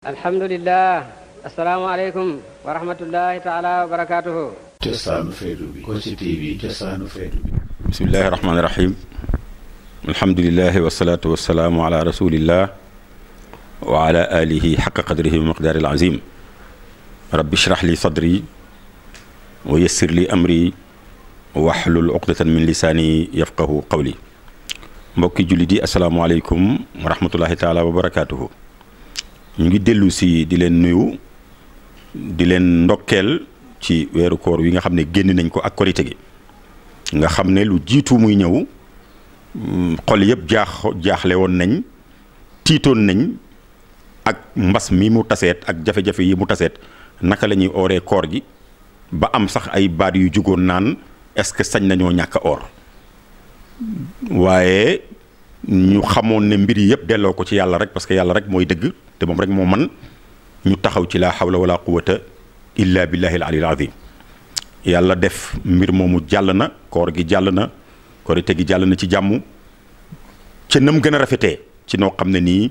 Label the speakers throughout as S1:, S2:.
S1: الحمد لله السلام عليكم ورحمة الله تعالى وبركاته بسم الله الرحمن الرحيم الحمد لله والصلاة والسلام على رسول الله وعلى آله حق قدره ومقدار العظيم رب اشرح لي صدري ويسر لي أمري واحلل عقدة من لساني يفقه قولي mbokki جلدي السلام عليكم ورحمة الله تعالى وبركاته ñu ngi dellu si di leen nuyu di leen ndokkeel ci weeru koor wi nga xam ne génn nañ ko ak korite gi nga xam ne lu jiitu muy ñëw mm, xol yëpp jaax jaaxle woon nañ tiitoon nañ ak mbas mi mu taseet ak jafe-jafe yi mu taseet naka la ñuy ooree koor gi ba am sax ay baat yu jugoon naan est-ce que sañ nañoo ñàkk a oor waaye ñu xamoon ne mbir yëpp delloo ko ci yàlla rek parce que yàlla rek mooy dëgg te moom rek moo man ñu taxaw ci laa hawla wala quwata illa billahi al alil azim yàlla def mbir moomu jàll na koor gi jàll na korite gi jàll na ci jàmm ca nam gën a rafetee ci noo xam ne nii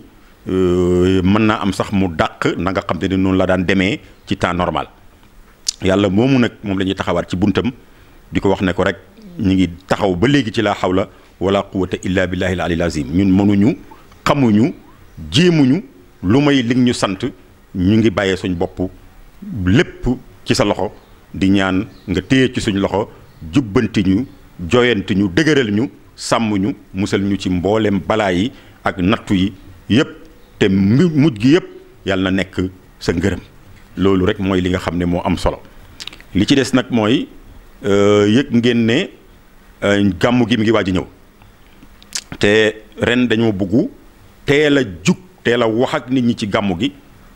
S1: euh, mën naa am sax mu dàq na nga xam ne ni noonu la daan demee ci temps normal yàlla moomu nag moom la ñuy taxawaat ci buntam di ko wax ne ko rek ñu ngi taxaw ba léegi ci laa xawla wala quwwata illa billahi al alil azim ñun mënuñu xamuñu jéemuñu lu may li ñu sant ñu ngi bàyyee suñ bopp lépp ci sa loxo di ñaan nga téye ci suñ loxo jubbanti ñu joyanti ñu dëgëral ñu sàmm ñu musal ñu ci mboolem balaa yi ak nattu yi yépp te mujj gi yépp yàlla na nekk sa ngërëm loolu rek mooy li nga xam ne moo am solo li ci des nag mooy euh, yëg ngeen ne euh, gàmmu gi mi ngi waaj a ñëw te ren dañoo bëggu teel a jug teel a wax ak nit ñi ci gàmmu gi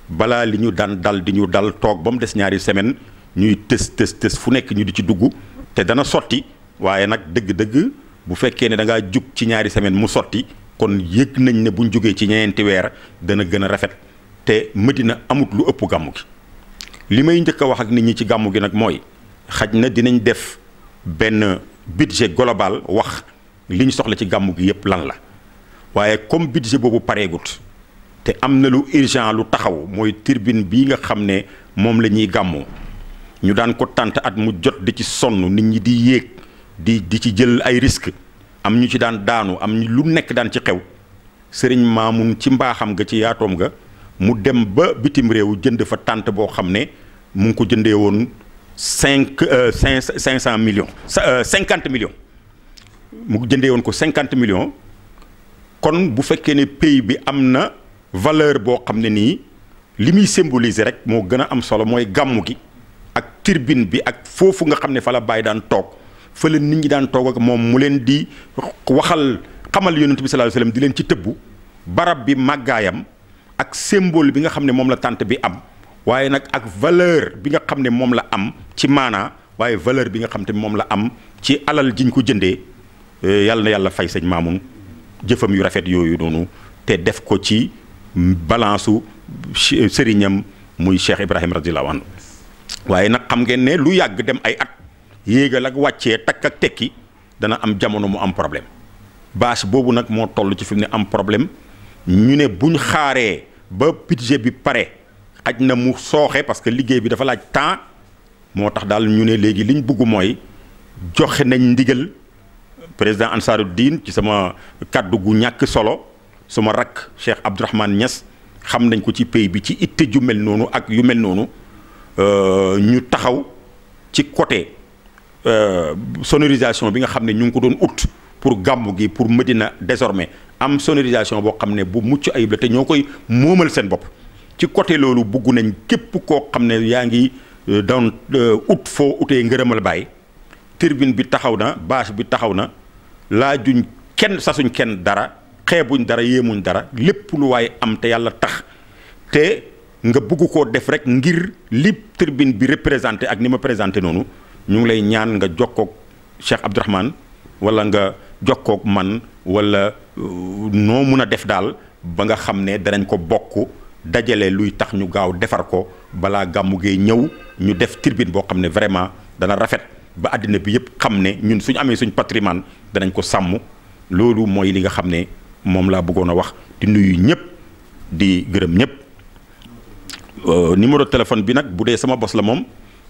S1: balaa li ñu daan dal di ñu dal toog ba mu des ñaari semaine ñuy tës tës tës fu nekk ñu di ci dugg te dana sotti waaye nag dëgg-dëgg bu fekkee ne dangaa jug ci ñaari semaine mu sotti kon yëg nañ ne buñ jógee ci ñeenti weer dana gën a rafet te Medina amut lu ëpp gàmmu gi li may njëkk a wax ak nit ñi ci gàmmu gi nag mooy xaj na dinañ def benn budget global wax li ñu soxla ci gàmmu gi yëpp lan la waaye comme budget boobu pareegut te am na lu urgent lu taxaw mooy tirbine bii nga xam ne moom la ñuy gàmmoo ñu daan ko tànt at mu jot di ci sonn nit ñi di yéeg di di ci jël ay risque am ñu ci daan daanu am lu nekk daan ci xew sëriñ Maamun ci mbaaxam nga ci yaatoom ga mu dem ba bitim réew jënd fa tànt boo xam ne mu ngi ko jëndee woon cinq euh, cinq cinq cent millions euh, cinquante millions mu jëndee woon ko cinquante million kon bu fekkee ne pays bi am na valeur boo xam ne nii li muy symboliser rek moo gën a am solo mooy gàmmu gi ak tirbine bi ak foofu nga xam ne fa la bàyyi daan toog fa nit ñi daan toog ak moom mu leen di waxal xamal yonent bi sallallahu di leen ci tëbbu barab bi màggaayam ak symbole bi nga xam ne moom la tànt bi am waaye nag ak valeur bi nga xam ne moom la am ci maanaa waaye valeur bi nga xam te moom la am ci alal jiñ ko jëndee Eh, yàlla na yàlla fay sëñ jëfam yu rafet yooyu noonu te def ko ci balance su euh, sëriñam muy Cheikh Ibrahima radiyallahu anhu waaye nag xam ngeen ne lu yàgg dem ay at yéegal ak wàccee takk ak tekki dana am jamono mu am problème bâche boobu nag moo toll ci fi mu ne am problème ñu ne buñ xaaree ba budget bi pare xaj na mu sooxe parce que liggéey bi dafa laaj temps moo tax daal ñu ne léegi liñ bëgg mooy joxe nañ ndigal président ansaruddin din ci sama cadre gu ñàkk solo suma rakk Cheikh Abdourahmane Niass xam nañ ko ci pays bi ci itte ju mel noonu ak yu mel noonu euh, ñu taxaw ci côté euh, sonorisation bi nga xamné ñu ngi ko doon ut pour gàmmu gi pour Medina désormais am sonorisation bo xamné bu mucc ayib la té ñokoy momal sen bop ci côté lolu buggu nañ képp ko xamné yaangi yaa ngi fo outé ngeureumal utee turbine bi taxaw na bâche bi taxaw na laajuñ kenn sasuñ kenn dara xeebuñ dara yéemuñ dara lépp lu waaye am te yàlla tax te nga bugg koo def rek ngir li tirbine bi représenté ak ni ma présenté noonu ñu ngi lay ñaan nga jokkoog Cheikh Abdourahmane wala nga jokkoog man wala euh, noo mun a def daal ba nga xam ne danañ ko bokk dajale luy tax ñu gaaw defar ko balaa gàmmu gee ñëw ñu def tirbine boo xam ne vraiment dana rafet ba àddina bi yëpp xam ne ñun suñu amee suñ patrimoine danañ ko sàmm loolu mooy li nga xam ne moom laa bëggoon a wax di nuyu ñëpp di gërëm ñëpp euh, numéro téléphone bi nag bu dee sama bos la moom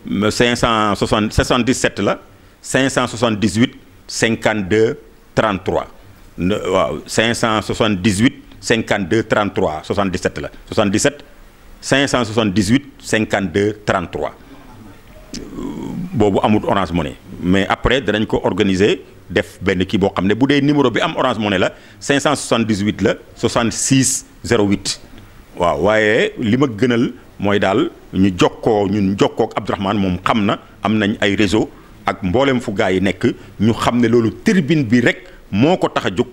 S1: 577 euh, la 578 52 33 578 52 33 77 la 77 578 52 33 boobu amut Orange Money mais après danañ ko organiser def benn kii boo xam ne bu dee numéro bi am Orange Money la 578 la 66 08 waaw waaye li ma gënal mooy daal ñu jokkoo ñun jokkook Abdourahmane moom xam na am nañ ay réseau ak mboolem fu gaa yi nekk ñu xam ne loolu tribune bi rek moo ko tax a jóg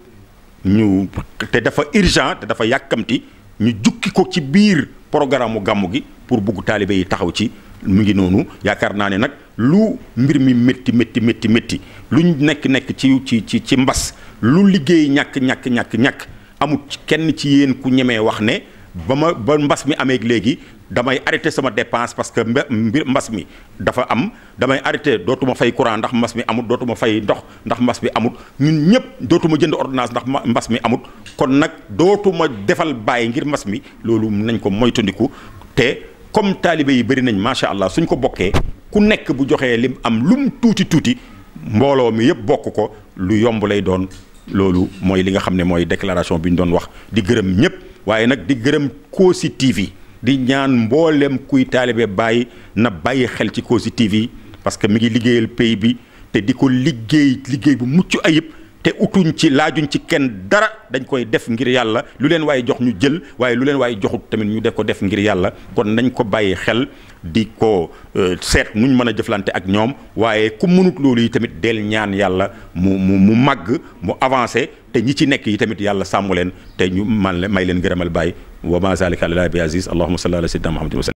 S1: ñu te dafa urgent te dafa yàkkamti ñu jukki ko ci biir programme mu gàmmu gi pour bugg taalibe yi taxaw ci mu ngi noonu yaakaar naa ne nag lu mbir mi métti métti métti métti lu nekk nekk ci ci ci ci mbas lu liggéey ñàkk ñàkk ñàkk ñakk amut kenn ci yéen ku ñemee wax ne ba ma ba mbas mi amee léegi damay arrêté sama dépense parce que mbir mbas mi dafa am damay arrêté dootuma fay courant ndax mbas mi amut dootuma fay ndox ndax mbas mi amut ñun ñëpp dootuma jënd ordinance ndax mbas mi amut kon nag dootuma defal bàyyi ngir mbas mi loolu nañ ko moytandiku te comme taalibe yi bëri nañ macha allah suñ ko bokkee ku nekk bu joxee lim am lum tuuti tuuti mbooloo mi yëpp bokk ko lu yomb lay doon loolu mooy li nga xam ne mooy déclaration bi ñu doon wax di gërëm ñëpp waaye nag di gërëm Kossy TV di ñaan mboolem kuy taalibe bàyyi na bàyyi xel ci Kossy TV parce que mi ngi liggéeyal pay bi te di ko liggéey liggéey bu mucc ayib. te utuñ ci laajuñ ci kenn dara dañ koy def ngir yàlla lu leen waaye jox ñu jël waaye lu leen waaye joxut tamit ñu def ko def ngir yàlla kon nañ ko bàyyi xel di ko euh, seet ñu mën a jëflante ak ñoom waaye ku mënut loolu yi tamit del ñaan yàlla mu mu mu màgg mu avancé te ñi ci nekk yi tamit yàlla sàmm leen te ñu man may leen gërëmal bàyyi wa ma zalika àllah bi aziz allahuma salli ala sayyidina muhammadin wa